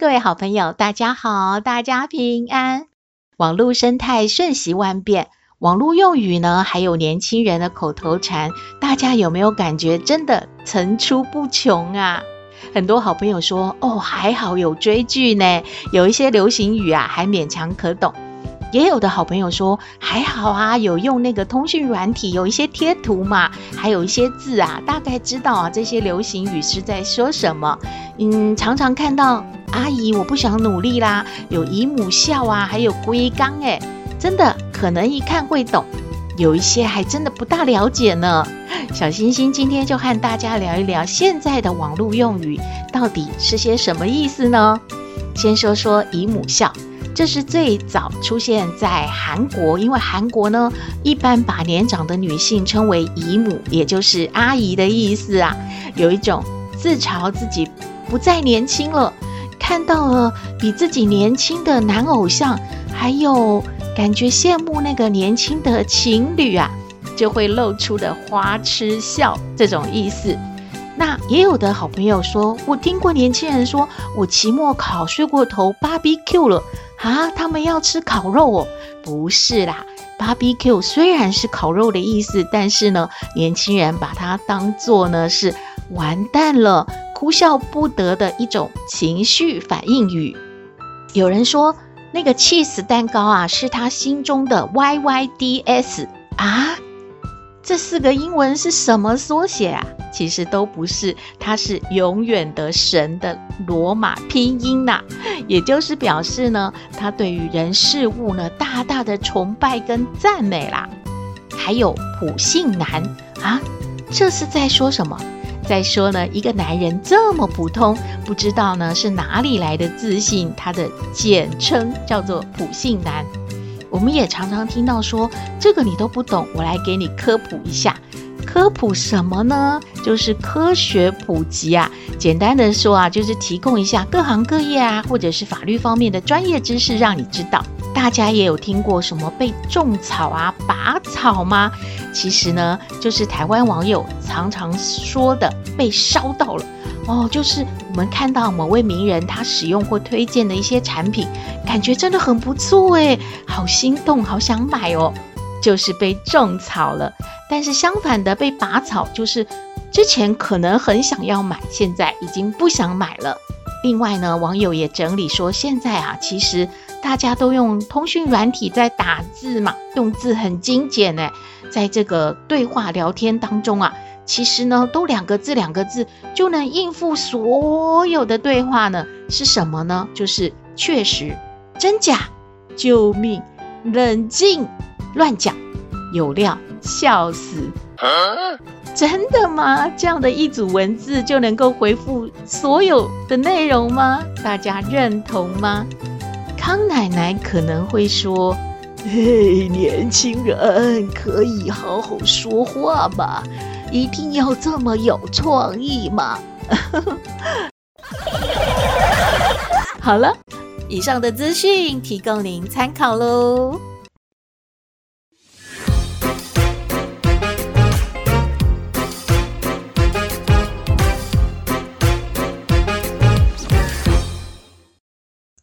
各位好朋友，大家好，大家平安。網絡生態瞬息萬變，網絡用語呢，還有年輕人的口頭禪，大家有沒有感覺真的層出不窮啊？很多好朋友說，哦，還好有追劇呢，有一些流行語啊，還勉強可懂。也有的好朋友說，還好啊，有用那個通訊軟體，有一些貼圖嘛，還有一些字啊，大概知道啊，這些流行語是在說什麼。嗯，常常看到。阿姨，我不想努力啦。有姨母笑啊，還有龜缸哎、欸，真的可能一看會懂，有一些還真的不大了解呢。小星星今天就和大家聊一聊現在的網絡用語到底是些什麼意思呢？先說說姨母笑，這，就是最早出現在韓國，因為韓國呢一般把年長的女性稱為姨母，也就是阿姨的意思啊，有一種自嘲自己不再年輕了。看到了比自己年輕的男偶像，還有感覺羨慕那個年輕的情侶啊，就會露出的花痴笑這種意思。那也有的好朋友說，我聽過年輕人說，我期末考睡過頭芭比 Q 了啊，他們要吃烤肉哦。不是啦，芭比 Q 雖然是烤肉的意思，但是呢，年輕人把它當做呢是。完蛋了，哭笑不得的一種情緒反應語。有人說那個起司蛋糕啊，是他心中的 Y Y D S 啊，這四個英文是什麼縮寫啊？其實都不是，它是永遠的神的羅馬拼音吶、啊，也就是表示呢，他對於人事物呢，大大的崇拜跟讚美啦。還有普信男啊，這是在說什麼？再說呢，一個男人這麼普通，不知道呢是哪裡來的自信？他的簡稱叫做“普信男”。我們也常常聽到說，這個你都不懂，我來給你科普一下。科普什麼呢？就是科學普及啊。簡單的說啊，就是提供一下各行各業啊，或者是法律方面的專業知識，讓你知道。大家也有聽過什麼被種草啊、拔草嗎？其實呢，就是台灣網友常常說的被燒到了哦，就是我們看到某位名人他使用或推薦的一些產品，感覺真的很不錯誒，好心動，好想買哦，就是被種草了。但是相反的，被拔草就是之前可能很想要買，現在已經不想買了。另外呢，網友也整理說，現在啊，其實大家都用通訊軟體在打字嘛，用字很精簡哎、欸，在這個對話聊天當中啊，其實呢，都兩個字，兩個字就能應付所有的對話呢，是什麼呢？就是確實、真假、救命、冷靜、亂講、有料、笑死。真的嗎？這樣的一組文字就能夠回復所有的內容嗎？大家認同嗎？康奶奶可能會說：“嘿，年輕人，可以好好說話嗎？一定要這麼有創意嗎？” 好了，以上的資訊提供您參考嘍。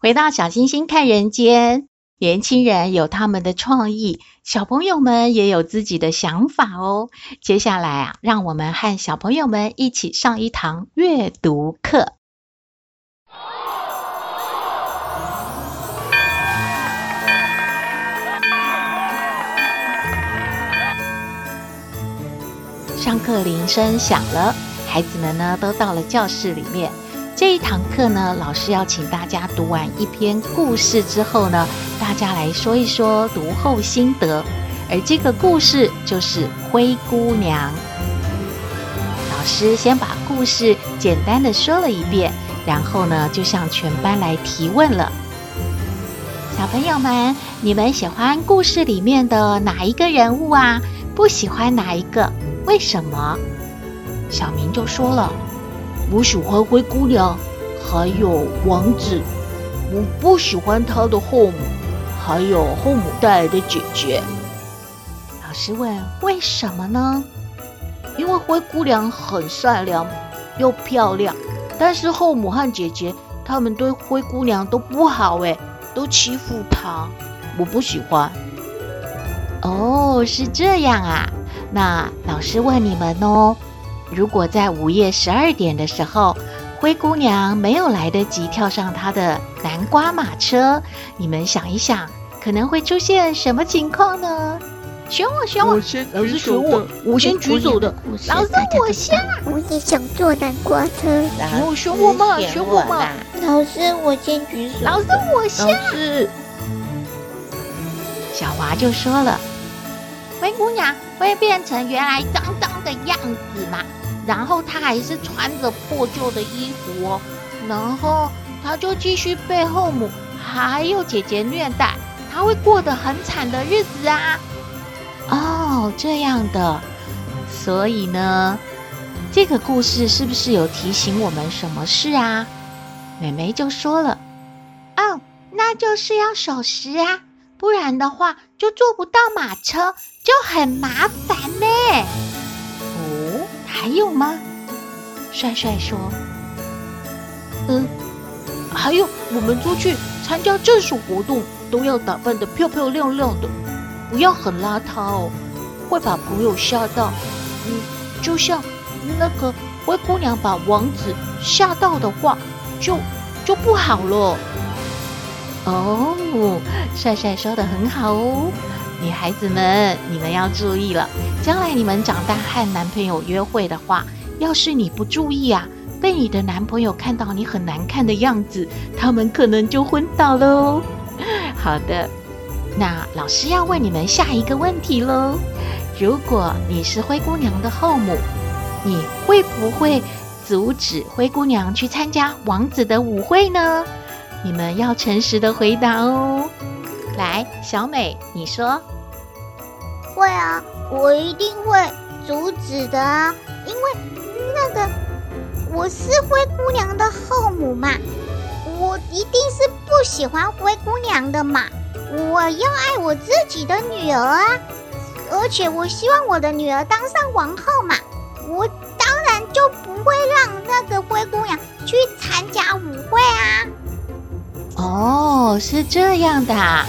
回到小星星看人間，年輕人有他們的創意，小朋友們也有自己的想法哦。接下來啊，讓我們和小朋友們一起上一堂閱讀課。上課鈴聲響了，孩子們呢，都到了教室裡面。這一堂課呢，老師要請大家讀完一篇故事之後呢，大家來說一說讀後心得。而這個故事就是《灰姑娘》。老師先把故事簡單地說了一遍，然後呢，就向全班來提問了。小朋友們，你們喜歡故事裡面的哪一個人物啊？不喜歡哪一個？為什麼？小明就說了。我喜歡灰姑娘，還有王子。我不喜歡她的後母，還有後母帶來的姐姐。老師問：為什麼呢？因為灰姑娘很善良又漂亮，但是後母和姐姐她們對灰姑娘都不好，哎，都欺負她。我不喜歡。哦，是這樣啊。那老師問你們哦。如果在午夜十二點的時候，灰姑娘沒有來得及跳上她的南瓜馬車，你們想一想，可能會出現什麼情況呢？選我，我，選我先，老師選我，我先舉手的。手的老師，我先，我也想坐南瓜車。選我選我嘛，選我嘛。老師，我先舉手。老師，老師，我先。小華就說了，灰姑娘會變成原來髒髒的樣子嗎？然後他還是穿着破舊的衣服哦，然後他就繼續被後母還有姐姐虐待，他會過得很慘的日子啊。哦，這樣的，所以呢，這個故事是不是有提醒我們什麼事啊？美美就說了，嗯、哦，那就是要守時啊，不然的話就坐不到馬車，就很麻煩呢。還有嗎？帥帥說：“嗯，還有，我們出去參加正式活動都要打扮得漂漂亮亮的，不要很邋遢哦，會把朋友嚇到。嗯，就像那個灰姑娘把王子嚇到的話，就就不好了。哦，帥帥說的很好。”哦。女孩子們，你們要注意了。將來你們長大和男朋友約會的話，要是你不注意啊，被你的男朋友看到你很難看的樣子，他們可能就昏倒嘍。好的，那老師要問你們下一個問題嘍，如果你是灰姑娘的後母，你會不會阻止灰姑娘去參加王子的舞會呢？你們要誠實的回答哦。來，小美，你說。會啊，我一定會阻止的啊！因為那個我是灰姑娘的後母嘛，我一定是不喜歡灰姑娘的嘛！我要愛我自己的女兒啊！而且我希望我的女兒當上王后嘛！我當然就不會讓那個灰姑娘去參加舞會啊！哦，是這樣的啊。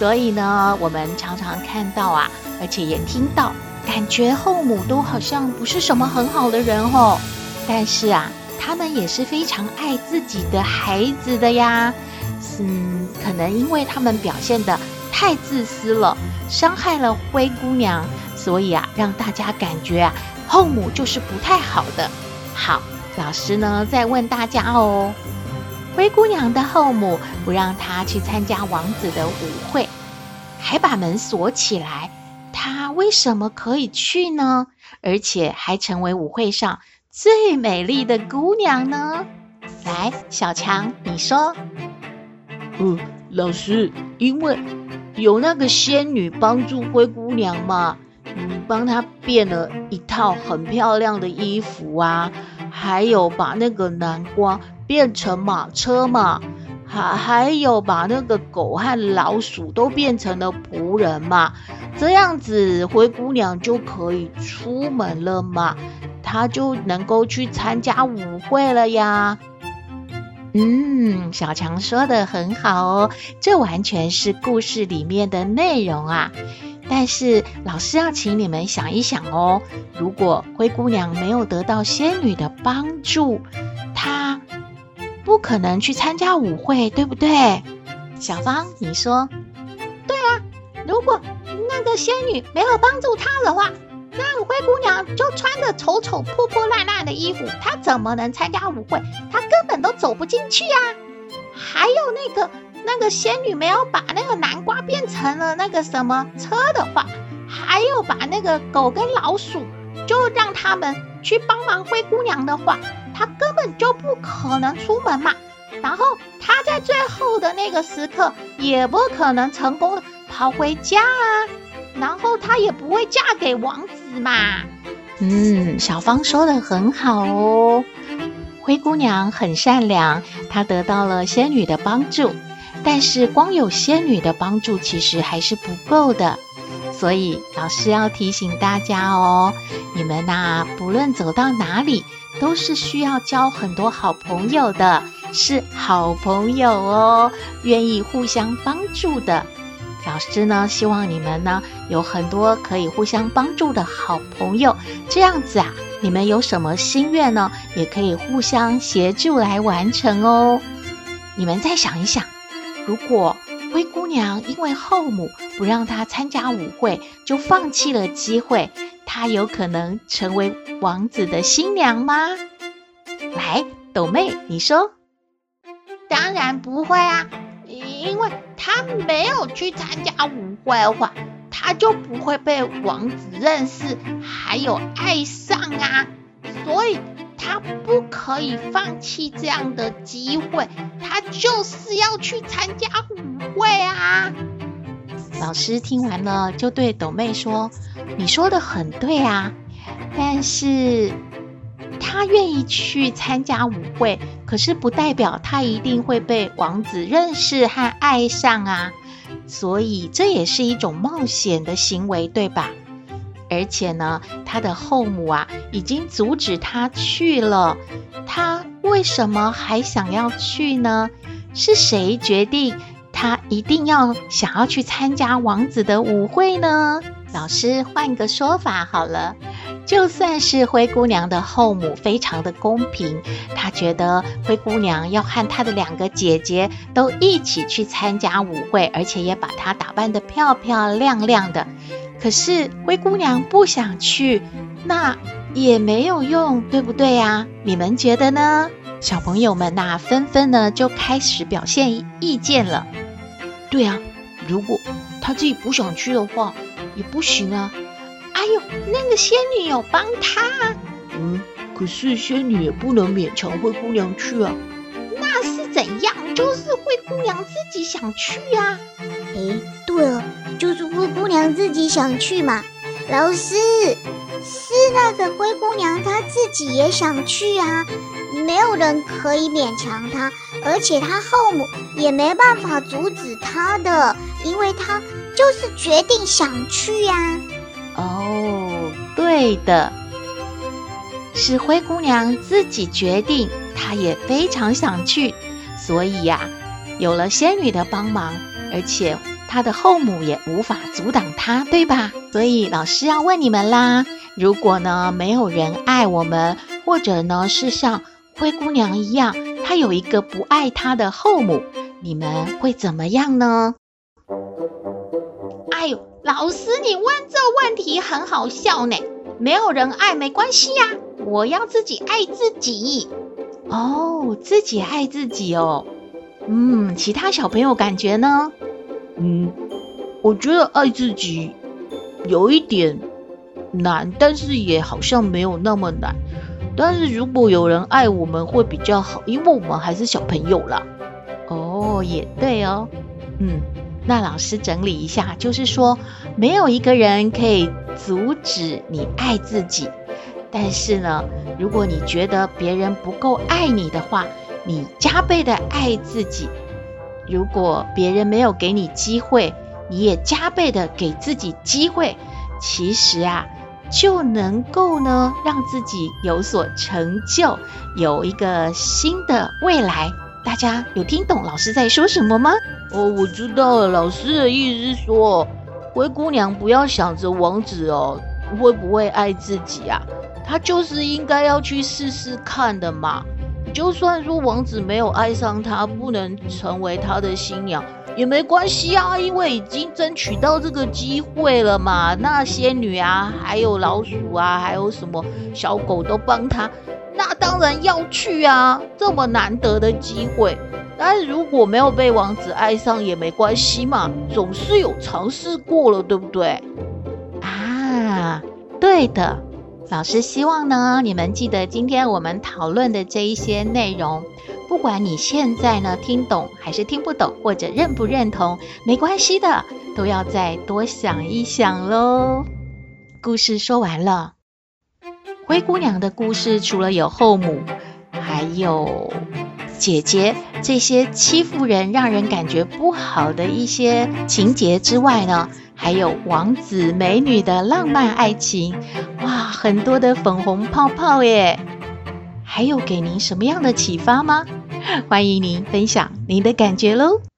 所以呢，我們常常看到啊，而且也聽到，感覺後母都好像不是什麼很好的人哦。但是啊，他們也是非常愛自己的孩子的呀。嗯，可能因為他們表現得太自私了，傷害了灰姑娘，所以啊，讓大家感覺啊，後母就是不太好的。好，老師呢再問大家哦，灰姑娘的後母不讓她去參加王子的舞會。還把門鎖起來，她為什麼可以去呢？而且還成為舞會上最美麗的姑娘呢？來，小強，你說。嗯，老師，因為有那個仙女幫助灰姑娘嘛，嗯，幫她變了一套很漂亮的衣服啊，還有把那個南瓜變成馬車嘛。還、啊、還有把那個狗和老鼠都變成了僕人嘛，這樣子灰姑娘就可以出門了嘛，她就能夠去參加舞會了呀。嗯，小強說的很好哦，這完全是故事裡面的內容啊。但是老師要請你們想一想哦，如果灰姑娘沒有得到仙女的幫助，不可能去參加舞會，對不對？小芳，你說。對啊。如果那個仙女沒有幫助她的話，那灰姑娘就穿着醜醜破破爛爛的衣服，她怎麼能參加舞會？她根本都走不進去呀、啊。還有那個那個仙女沒有把那個南瓜變成了那個什麼車的話，還有把那個狗跟老鼠就讓他們去幫忙灰姑娘的話。她根本就不可能出門嘛，然後她在最後的那個時刻也不可能成功跑回家啊。然後她也不會嫁給王子嘛。嗯，小芳說得很好哦。灰姑娘很善良，她得到了仙女的幫助，但是光有仙女的幫助其實還是不夠的。所以老師要提醒大家哦，你們啊，不論走到哪裡。都是需要交很多好朋友的，是好朋友哦，願意互相幫助的。老師呢，希望你們呢有很多可以互相幫助的好朋友，這樣子啊，你們有什麼心願呢，也可以互相協助來完成哦。你們再想一想，如果灰姑娘因為後母不讓她參加舞會，就放棄了機會。她有可能成為王子的新娘嗎？來，斗妹，你說。當然不會啊，因為她沒有去參加舞會的話，她就不會被王子認識，還有愛上啊。所以她不可以放棄這樣的機會，她就是要去參加舞會啊。老師聽完了，就對斗妹說：“你說得很對啊，但是她願意去參加舞會，可是不代表她一定會被王子認識和愛上啊。所以這也是一種冒險的行為，對吧？而且呢，她的後母啊已經阻止她去了，她為什麼還想要去呢？是誰決定？”他一定要想要去參加王子的舞會呢？老師換個說法好了，就算是灰姑娘的後母非常的公平，她覺得灰姑娘要和她的兩個姐姐都一起去參加舞會，而且也把她打扮得漂漂亮亮的。可是灰姑娘不想去，那也沒有用，對不對呀？你們覺得呢？小朋友們那紛紛呢就開始表現意見了。對啊，如果她自己不想去的話，也不行啊。哎呦，那個仙女要幫她啊。嗯，可是仙女也不能勉強灰姑娘去啊。那是怎樣？就是灰姑娘自己想去啊。哎，對了啊，就是灰姑娘自己想去嘛。老師，是那個灰姑娘她自己也想去啊，沒有人可以勉強她。而且她後母也沒辦法阻止她的，因為她就是決定想去呀。哦，對的，是灰姑娘自己決定，她也非常想去，所以呀，有了仙女的幫忙，而且她的後母也無法阻擋她，對吧？所以老師要問你們啦，如果呢，沒有人愛我們，或者呢，是像灰姑娘一樣，他有一個不愛他的後母，你們會怎麼樣呢？哎呦，老師，你問這問題很好笑呢。沒有人愛沒關係呀、啊，我要自己愛自己。哦，自己愛自己哦。嗯，其他小朋友感覺呢？嗯，我覺得愛自己有一點難，但是也好像沒有那麼難。但是，如果有人愛我們會比較好，因為我們還是小朋友啦。哦，也對哦。嗯，那老師整理一下，就是說，沒有一個人可以阻止你愛自己。但是呢，如果你覺得別人不夠愛你的話，你加倍的愛自己。如果別人沒有給你機會，你也加倍的給自己機會。其實啊。就能夠呢，讓自己有所成就，有一個新的未來。大家有聽懂老師在說什麼嗎？哦，我知道了。老師的意思是說，灰姑娘不要想着王子哦，會不會愛自己啊，她就是應該要去試試看的嘛。就算說王子沒有愛上她，不能成為她的新娘也沒關係啊，因為已經爭取到這個機會了嘛。那仙女啊，還有老鼠啊，還有什麼小狗都幫她，那當然要去啊，這麼難得的機會。但如果沒有被王子愛上也沒關係嘛，總是有嘗試過了，對不對？啊，對的。老師希望呢，你們記得今天我們討論的這一些內容，不管你現在呢聽懂還是聽不懂，或者認不認同，沒關係的，都要再多想一想嘍。故事說完了，灰姑娘的故事除了有後母，還有姐姐這些欺負人、讓人感覺不好的一些情節之外呢，還有王子美女的浪漫愛情，哇，很多的粉紅泡泡耶。還有給您什麼樣的啟發嗎？歡迎您分享您的感覺嘍。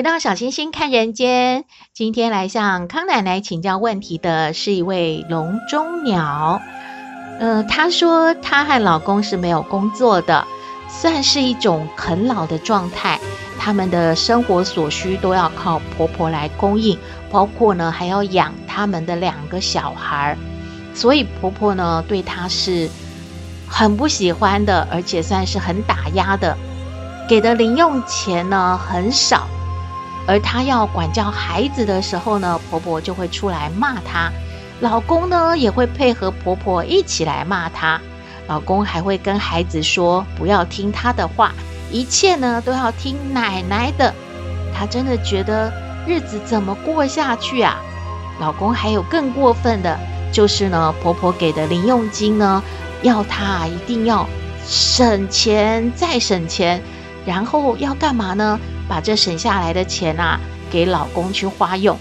回到小星星看人間，今天來向康奶奶請教問題的是一位籠中鳥。嗯、呃，她說她和老公是沒有工作的，算是一種啃老的狀態。他們的生活所需都要靠婆婆來供應，包括呢還要養他們的兩個小孩，所以婆婆呢對他是很不喜歡的，而且算是很打壓的，給的零用錢呢很少。而她要管教孩子的時候呢，婆婆就會出來罵她，老公呢也會配合婆婆一起來罵她。老公還會跟孩子說不要聽她的話，一切呢都要聽奶奶的。她真的覺得日子怎麼過下去啊？老公還有更過分的，就是呢，婆婆給的零用金呢，要她一定要省錢再省錢，然後要幹嘛呢？把這省下來的錢啊，給老公去花用。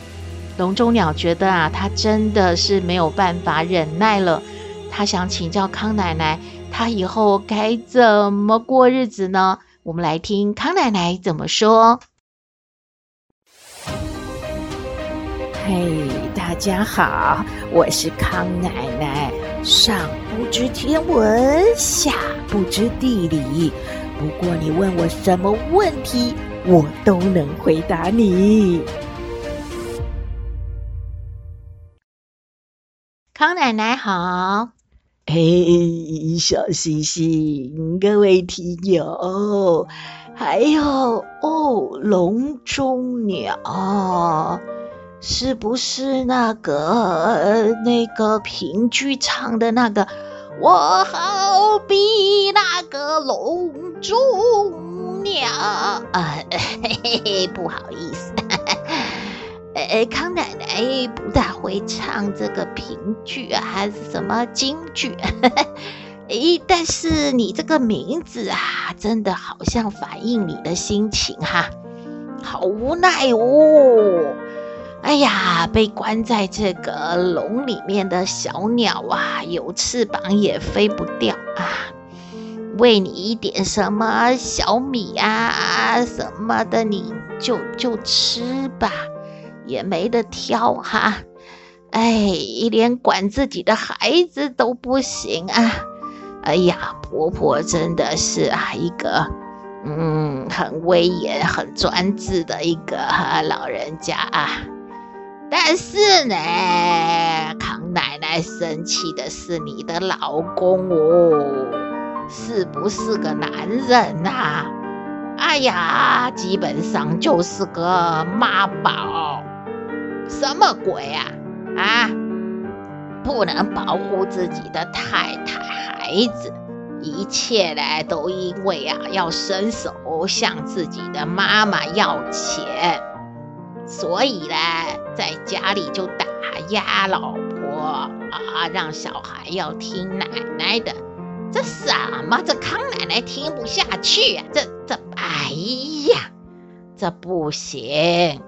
籠中鳥覺得啊，她真的是沒有辦法忍耐了。她想請教康奶奶，她以後該怎麼過日子呢？我們來聽康奶奶怎麼說。嘿，大家好，我是康奶奶，上不知天文，下不知地理。不過你問我什麼問題，我都能回答你。康奶奶好，嘿、哎，小星星，各位聽友，還有哦，籠中鳥，是不是那個那個評劇唱的那個？我好比那個籠中。鳥啊嘿嘿，不好意思，呃，康奶奶不大會唱這個評劇啊還是什麼京劇，但是你這個名字啊，真的好像反映你的心情哈，好無奈哦，哎呀，被關在這個籠裡面的小鳥啊，有翅膀也飛不掉啊。餵你一點什麼小米啊什麼的，你就就吃吧，也沒得挑哈。哎，連管自己的孩子都不行啊！哎呀，婆婆真的是啊一個，嗯，很威嚴、很專制的一個老人家啊。但是呢，康奶奶生氣的是你的老公哦。是不是個男人吶、啊？哎呀，基本上就是個媽寶，什麼鬼呀、啊？啊，不能保護自己的太太、孩子，一切呢，都因為啊要伸手向自己的媽媽要錢，所以嘞在家裡就打壓老婆啊，讓小孩要聽奶奶的。這什麼？這康奶奶聽不下去啊！這這，哎呀，這不行！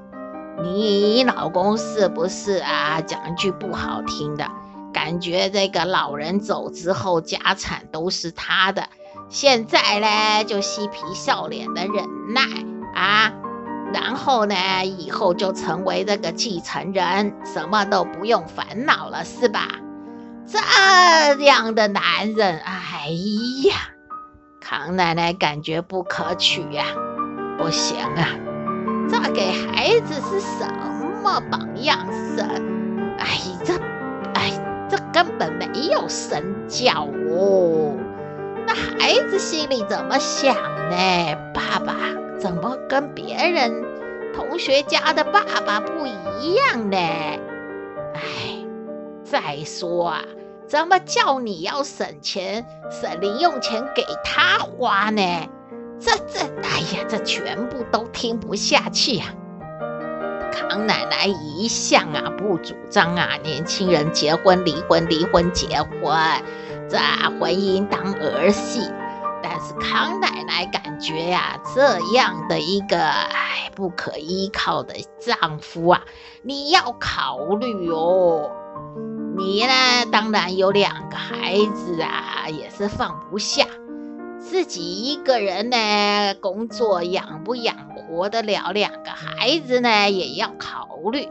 你老公是不是啊？講一句不好聽的，感覺這個老人走之後，家產都是他的。現在呢，就嬉皮笑臉的忍耐啊，然後呢，以後就成為這個繼承人，什麼都不用煩惱了，是吧？這樣的男人，哎呀，康奶奶感覺不可取呀、啊，不行啊！這給孩子是什麼榜樣神？哎，這，哎，這根本沒有身教哦。那孩子心裡怎麼想呢？爸爸怎麼跟別人同學家的爸爸不一樣呢？哎。再說啊，怎麼叫你要省錢、省零用錢給他花呢？這這，哎呀，這全部都聽不下去啊！康奶奶一向啊不主張啊年輕人結婚離婚離婚結婚，這、啊、婚姻當兒戲。但是康奶奶感覺呀、啊，這樣的一個哎不可依靠的丈夫啊，你要考慮哦。你呢？當然有兩個孩子啊，也是放不下。自己一個人呢，工作養不養活得了兩個孩子呢，也要考慮。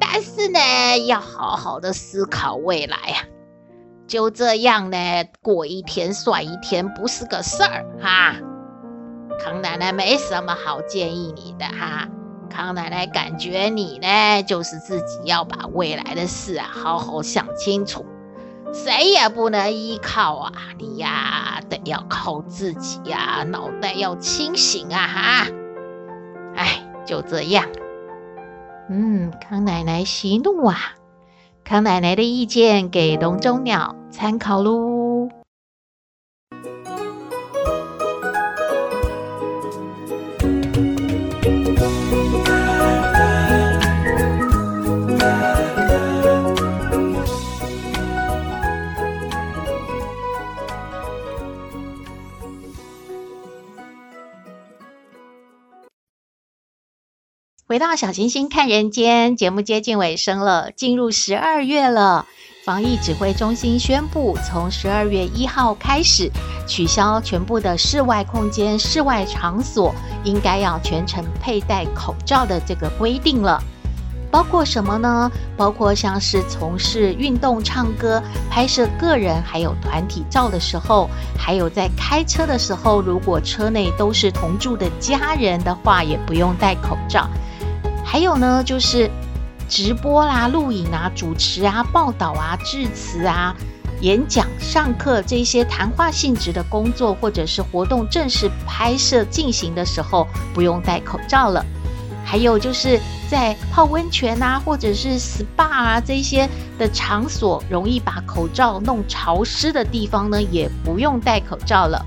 但是呢，要好好的思考未來啊。就這樣呢，過一天算一天，不是個事兒哈。康奶奶沒什麼好建議你的哈。康奶奶感覺你呢，就是自己要把未來的事啊好好想清楚，誰也不能依靠啊，你呀、啊，得要靠自己呀、啊，腦袋要清醒啊！哈，哎，就這樣。嗯，康奶奶息怒啊，康奶奶的意見給籠中鳥參考咯。回到小星星看人間，節目接近尾聲了。進入十二月了，防疫指揮中心宣布，從十二月一號開始，取消全部的室外空間、室外場所應該要全程佩戴口罩的這個規定了。包括什麼呢？包括像是從事運動、唱歌、拍攝個人還有團體照的時候，還有在開車的時候，如果車內都是同住的家人的話，也不用戴口罩。還有呢，就是直播啦、啊、錄影啊、主持啊、報道啊、致辭啊、演講、上課這些談話性質的工作，或者是活動正式拍攝進行的時候，不用戴口罩了。還有就是在泡溫泉啊，或者是 SPA 啊這些的場所，容易把口罩弄潮濕的地方呢，也不用戴口罩了。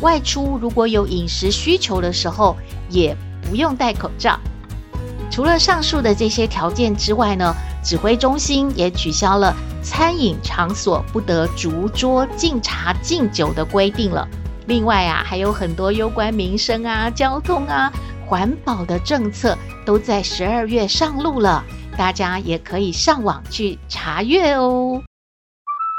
外出如果有飲食需求的時候，也不用戴口罩。除了上述的這些條件之外呢，指揮中心也取消了餐飲場所不得逐桌敬茶敬酒的規定了。另外啊，還有很多攸關民生啊、交通啊、環保的政策都在十二月上路了，大家也可以上網去查閱哦。